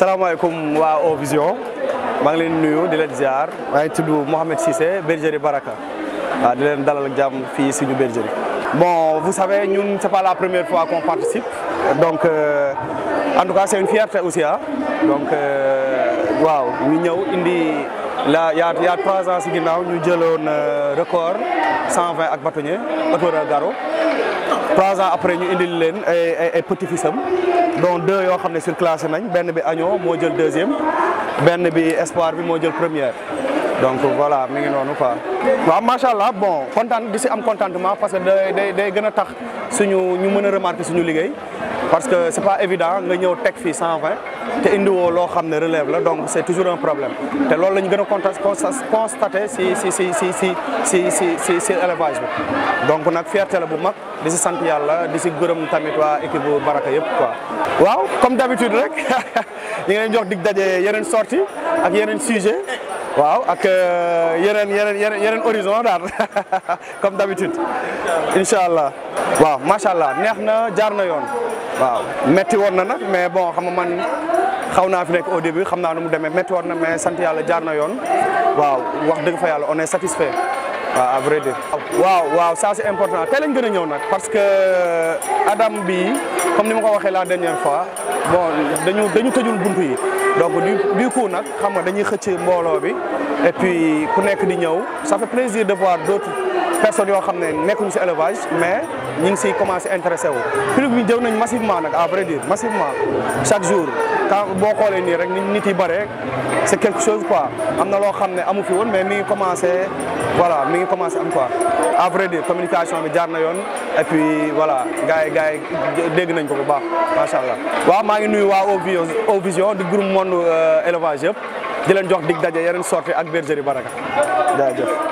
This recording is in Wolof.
salaamaaleykum wa Ovision vision ngi leen nuyu di la ziar maa Mohamed Sissé, bergerie Baraka De di dalal ak jàmm suñu bon vous savez ñun c'est pas la première fois qu'on participe donc euh, en tout cas c'est une fierté aussi hein. donc euh, waaw ñu indi la y a y a trois ans si ginnaw ñu un euh, record 120 ak bâtonnier autour Garo trois ans après ñu indi leen ay petit fils dont deux yoo xam ne surclassé nañ benn bi año moo jël deuxième benn bi Espoir bi moo jël première. donc voilà mi ngi noonu quoi waaw macha allah bon content di ci am contentement parce que day day day gëna tax suñu ñu mëna remarquer suñu liggéey parce que c'est pas évident nga ñëw tek fi 120 té indi wo lo xamné relève la donc c'est toujours un problème té loolu lañu gëna constater a si si si si si si si si si élevage donc nak fierté la bu mak di si sante yalla di si gëreum tamit wa équipe Baraka yépp quoi. waaw comme d'habitude rek ñi ngi leen jox dig dajé yeneen sortie ak yeneen sujet waaw ak euh, yeneen yeneen yeneen horizon daal comme d'habitude incha allah waaw macha allah neex na jaar na yoon waaw métti woon na nag mais bon xam nga man xaw naa fi nekk au début xam naa nu mu demee métti na mais sant yàlla jaar na yoon waaw wax dëgg fa yàlla on est satisfait waaw à waaw waaw ça important tey lañ gën ñëw nag parce que euh, Adam bi comme ni ma ko waxee la dernière fois. bon dañu dañu tous buntu yi donc du coup nous xam et puis ku ça fait plaisir de voir d'autres personnes yo xamné nekkun ci élevage mais ñu ngi ci commencer intéressé wu club bi jëw nañ massivement nak à vrai dire massivement chaque jour quand bo xolé ni rek nit yi bare c'est quelque chose quoi amna lo xamné amu fi won mais mi ngi commencé voilà mi ngi commencé am quoi à vrai dire communication bi jaar na yon et puis voilà gaay gaay dégg nañ ko bu baax macha allah. waaw ngi nuyu wa au vision di groupe monde euh, élevage yëpp di leen jox dig dajé yeneen sorti ak bergerie Baraka jaajëf.